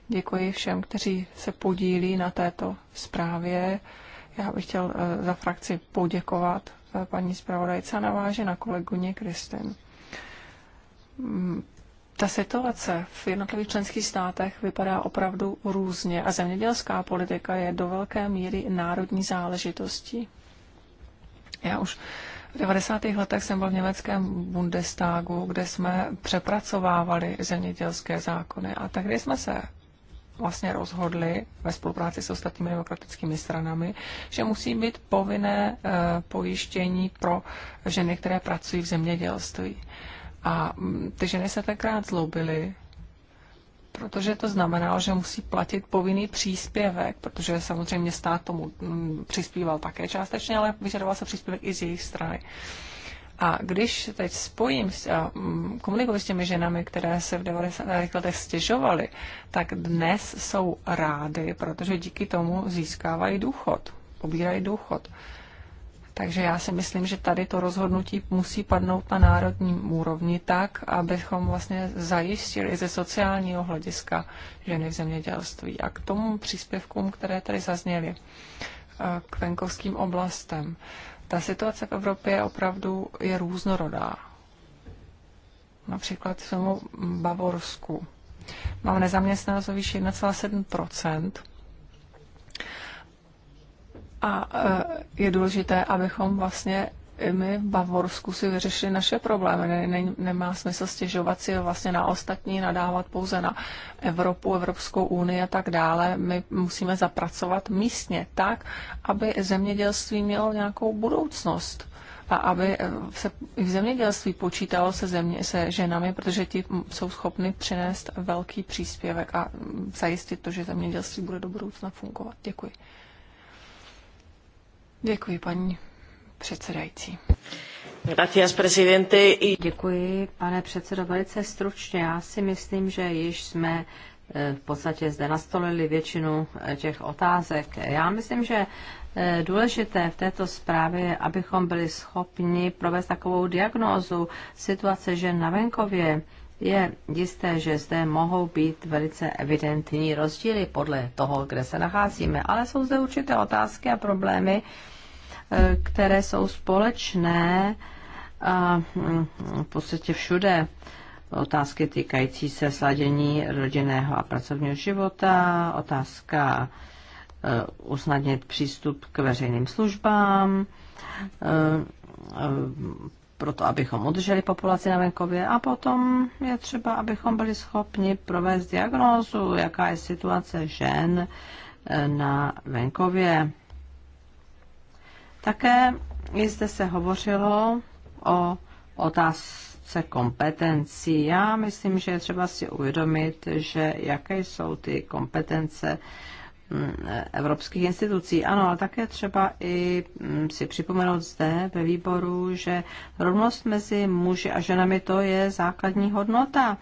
Speaker 3: Děkuji všem, kteří se podílí na této zprávě. Já bych chtěl eh, za frakci poděkovat eh, paní zpravodajce a naváže na kolegyně Kristin ta situace v jednotlivých členských státech vypadá opravdu různě a zemědělská politika je do velké míry národní záležitostí. Já už v 90. letech jsem byl v německém Bundestagu, kde jsme přepracovávali zemědělské zákony a tehdy jsme se vlastně rozhodli ve spolupráci s ostatními demokratickými stranami, že musí být povinné e, pojištění pro ženy, které pracují v zemědělství. E, a mm, ty ženy se tenkrát zlobily, protože to znamenalo, že musí platit povinný příspěvek, protože samozřejmě stát tomu mm, přispíval také částečně, ale vyžadoval se příspěvek i z jejich strany. A když teď spojím mm, komunikuji s těmi ženami, které se v 90. letech stěžovaly, tak dnes jsou rády, protože díky tomu získávají důchod, pobírají důchod. Takže já si myslím, že tady to rozhodnutí musí padnout na národní úrovni tak, abychom vlastně zajistili ze sociálního hlediska ženy v zemědělství. A k tomu příspěvkům, které tady zazněly, eh, k venkovským oblastem. Ta situace v Evropě opravdu je různorodá. Například v tomu Bavorsku. Mám nezaměstnanost o výši 1,7 a eh, je důležité, abychom vlastně i my v Bavorsku si vyřešili naše problémy. Ne, ne, nemá smysl stěžovat si vlastně na ostatní, nadávat pouze na Evropu, Evropskou unii a tak dále. My musíme zapracovat místně tak, aby zemědělství mělo nějakou budoucnost a aby eh, se i v zemědělství počítalo se, země, se ženami, protože ti jsou schopni přinést velký příspěvek a mm, zajistit to, že zemědělství bude do budoucna fungovat. Děkuji.
Speaker 1: Děkuji, paní předsedající. Děkuji, pane předsedo, velice stručně. Já si myslím, že již jsme eh, v podstatě zde nastolili většinu eh, těch otázek. Já myslím, že eh, důležité v této zprávě je, abychom byli schopni provést takovou diagnózu situace žen na venkově je jisté, že zde mohou být velice evidentní rozdíly podle toho, kde se nacházíme, ale jsou zde určité otázky a problémy, eh, které jsou společné a mm, v podstatě všude. Otázky týkající se sladění rodinného a pracovního života, otázka eh, usnadnit přístup k veřejným službám, eh, proto abychom udrželi populaci na venkově a potom je třeba, abychom byli schopni provést diagnózu, jaká je situace žen e, na venkově. Také i zde se hovořilo o otázce kompetencí. Já myslím, že je třeba si uvědomit, že jaké jsou ty kompetence, Mm, evropských institucí. Ano, ale také třeba i mm, si připomenout zde ve výboru, že rovnost mezi muži a ženami to je základní hodnota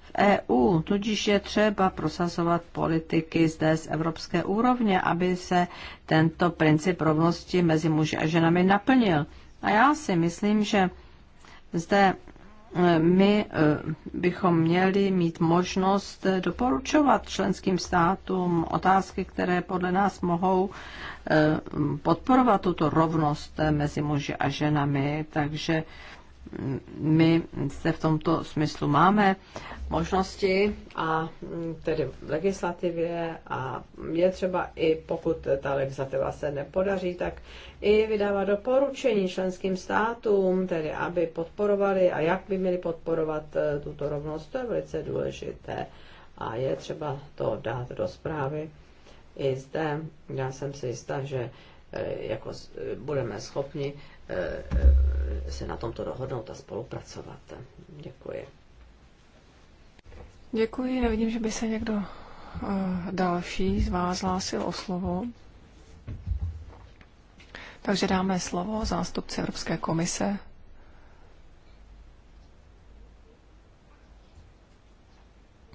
Speaker 1: v EU, tudíž je třeba prosazovat politiky zde z evropské úrovně, aby se tento princip rovnosti mezi muži a ženami naplnil. A já si myslím, že zde my eh, bychom měli mít možnost eh, doporučovat členským státům otázky, které podle nás mohou eh, podporovat tuto rovnost mezi muži a ženami. Takže my se v tomto smyslu máme možnosti a mm, tedy v legislativě a je třeba i pokud ta legislativa se nepodaří, tak i vydávat doporučení členským státům, tedy aby podporovali a jak by měli podporovat e, tuto rovnost, to je velice důležité a je třeba to dát do zprávy. I zde já jsem si jistá, že e, jako e, budeme schopni Eh, eh, se na tomto dohodnout a spolupracovat. Děkuji.
Speaker 3: Děkuji, nevidím, že by se někdo eh, další z vás hlásil o slovo. Takže dáme slovo zástupci Evropské komise.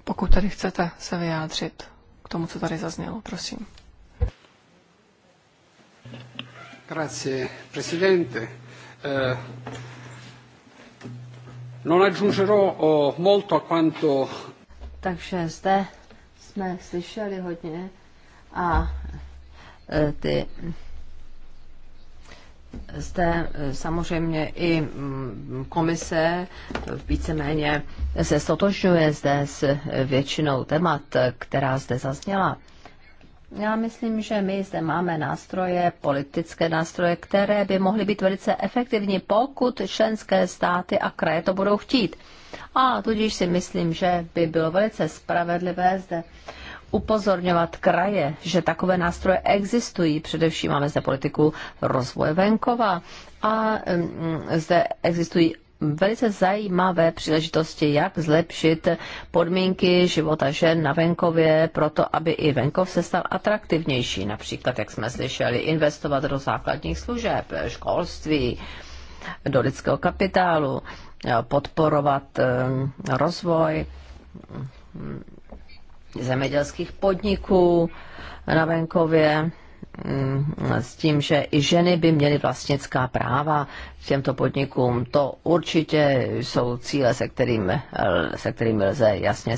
Speaker 3: Pokud tady chcete se vyjádřit k tomu, co tady zaznělo, prosím.
Speaker 2: Grazie Presidente. Eh, non aggiungerò oh, molto a quanto...
Speaker 1: Takže zde jsme slyšeli hodně a eh, ty zde eh, samozřejmě i mm, komise víceméně se stotožňuje zde s eh, většinou témat, která zde zazněla. Já myslím, že my zde máme nástroje, politické nástroje, které by mohly být velice efektivní, pokud členské státy a kraje to budou chtít. A tudíž si myslím, že by bylo velice spravedlivé zde upozorňovat kraje, že takové nástroje existují. Především máme zde politiku rozvoje venkova a mm, mm, zde existují velice zajímavé příležitosti, jak zlepšit podmínky života žen na venkově, proto aby i venkov se stal atraktivnější. Například, jak jsme slyšeli, investovat do základních služeb, školství, do lidského kapitálu, podporovat rozvoj zemědělských podniků na venkově Mm, s tím, že i ženy by měly vlastnická práva k těmto podnikům. To určitě jsou cíle, se kterými se kterým lze jasně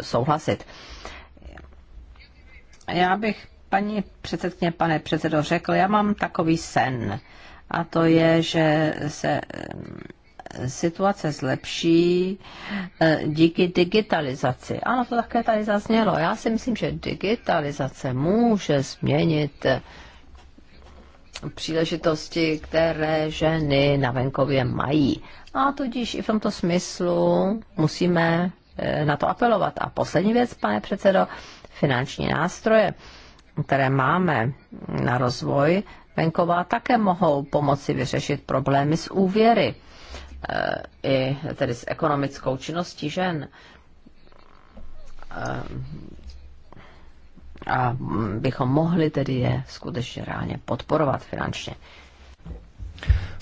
Speaker 1: souhlasit. Já bych, paní předsedkyně, pane předsedo, řekl, já mám takový sen. A to je, že se situace zlepší eh, díky digitalizaci. Ano, to také tady zaznělo. Já si myslím, že digitalizace může změnit eh, příležitosti, které ženy na venkově mají. A tudíž i v tomto smyslu musíme eh, na to apelovat. A poslední věc, pane předsedo, finanční nástroje, které máme na rozvoj venkova, také mohou pomoci vyřešit problémy s úvěry. Eh, i tedy s ekonomickou činností žen. Eh, a bychom mohli tedy je skutečně reálně podporovat finančně.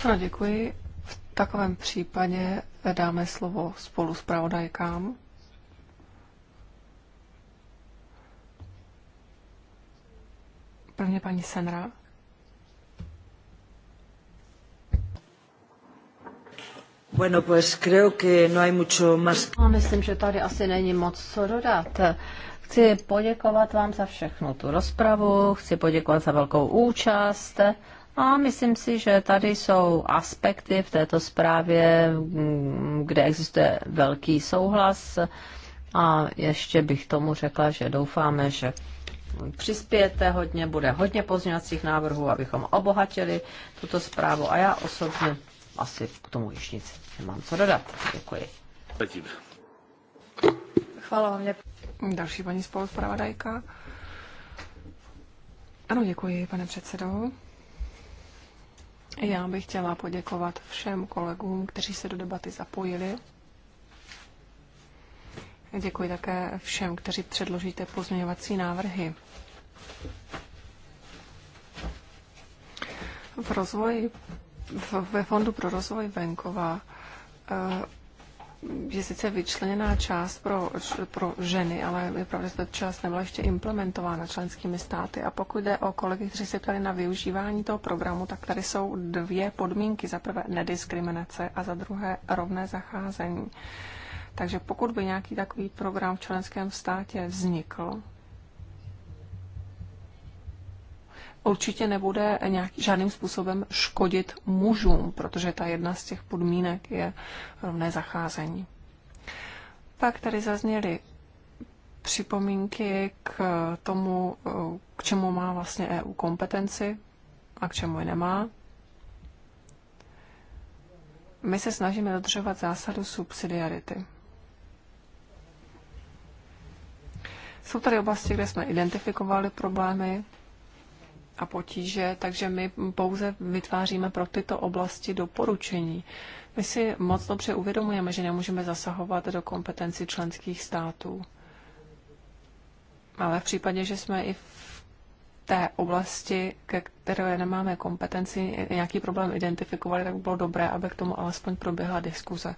Speaker 3: Ano, děkuji. V takovém případě dáme slovo spolu s pravodajkám. Prvně paní
Speaker 1: Senra. Bueno, pues creo que no hay mucho más. No, myslím, že tady asi není moc co dodat. Chci poděkovat vám za všechnu tu rozpravu, chci poděkovat za velkou účast a myslím si, že tady jsou aspekty v této zprávě, mm, kde existuje velký souhlas a ještě bych tomu řekla, že doufáme, že přispějete hodně, bude hodně pozměňovacích návrhů, abychom obohatili tuto zprávu a já osobně asi k tomu již nic nemám co dodat. Děkuji. Zatím. Chvala vám děkuji.
Speaker 3: Další paní spoluzpravodajka. Ano, děkuji, pane předsedo. Já bych chtěla poděkovat všem kolegům, kteří se do debaty zapojili. Děkuji také všem, kteří předložíte pozměňovací návrhy. V rozvoji ve Fondu pro rozvoj venkova eh, je sice vyčleněná část pro, pro ženy, ale je pravda, že ta část nebyla ještě implementována členskými státy. A pokud jde o kolegy, kteří se ptali na využívání toho programu, tak tady jsou dvě podmínky. Za prvé nediskriminace a za druhé rovné zacházení. Takže pokud by nějaký takový program v členském státě vznikl, určitě nebude nějak, žádným způsobem škodit mužům, protože ta jedna z těch podmínek je rovné zacházení. Pak tady zazněly připomínky k tomu, k čemu má vlastně EU kompetenci a k čemu ji nemá. My se snažíme dodržovat zásadu subsidiarity. Jsou tady oblasti, kde jsme identifikovali problémy, a potíže, takže my pouze vytváříme pro tyto oblasti doporučení. My si moc dobře uvědomujeme, že nemůžeme zasahovat do kompetenci členských států. Ale v případě, že jsme i v té oblasti, ke které nemáme kompetenci, nějaký problém identifikovali, tak by bylo dobré, aby k tomu alespoň proběhla diskuze.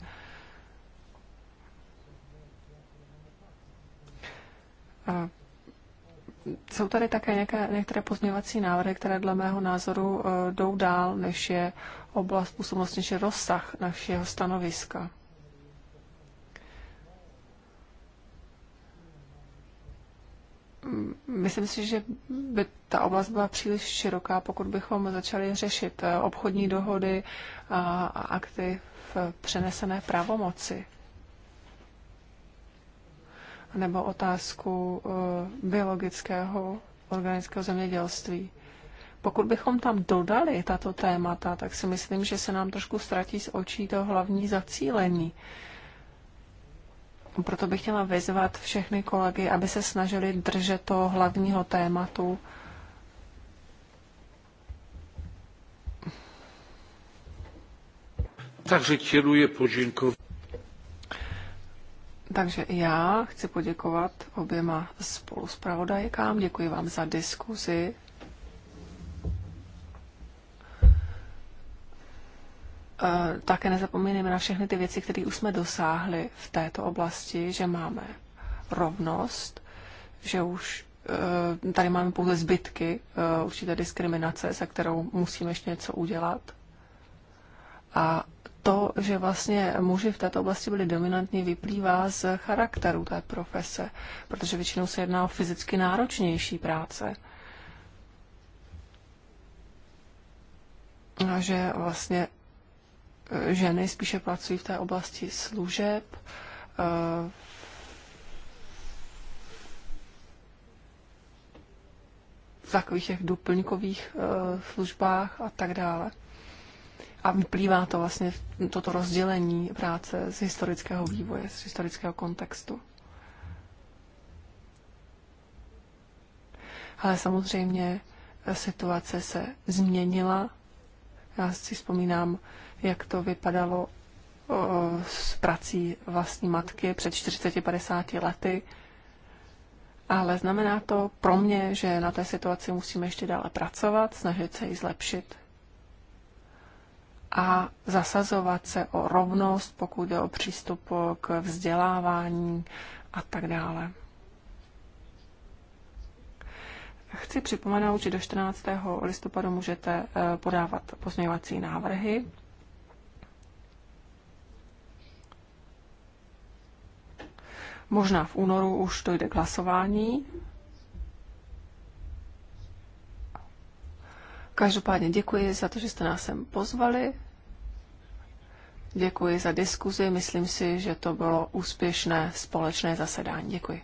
Speaker 3: A jsou tady také nějaké, některé pozměňovací návrhy, které dle mého názoru e, jdou dál, než je oblast působnosti, než je rozsah našeho stanoviska. Myslím si, že by ta oblast byla příliš široká, pokud bychom začali řešit e, obchodní dohody a akty v přenesené pravomoci nebo otázku eh, biologického organického zemědělství. Pokud bychom tam dodali tato témata, tak si myslím, že se nám trošku ztratí z očí to hlavní zacílení. Proto bych chtěla vyzvat všechny kolegy, aby se snažili držet to hlavního tématu. Takže kieruje poděkování. Takže já chci poděkovat oběma spoluspravodajkám. Děkuji vám za diskuzi. E, také nezapomínejme na všechny ty věci, které už jsme dosáhli v této oblasti, že máme rovnost, že už e, tady máme pouze zbytky e, určité diskriminace, se kterou musíme ještě něco udělat. A to, že vlastně muži v této oblasti byli dominantní, vyplývá z charakteru té profese, protože většinou se jedná o fyzicky náročnější práce. A že vlastně eh, ženy spíše pracují v té oblasti služeb, eh, v takových těch doplňkových eh, službách a tak dále a vyplývá to vlastně toto rozdělení práce z historického vývoje, z historického kontextu. Ale samozřejmě eh, situace se změnila. Já si vzpomínám, jak to vypadalo s prací vlastní matky před 40-50 lety. Ale znamená to pro mě, že na té situaci musíme ještě dále pracovat, snažit se ji zlepšit a zasazovat se o rovnost, pokud jde o přístup k vzdělávání a tak dále. Chci připomenout, že do 14. listopadu můžete eh, podávat pozměňovací návrhy. Možná v únoru už dojde k hlasování. Každopádně děkuji za to, že jste nás sem pozvali Děkuji za diskuzi. Myslím si, že to bylo úspěšné společné zasedání. Děkuji.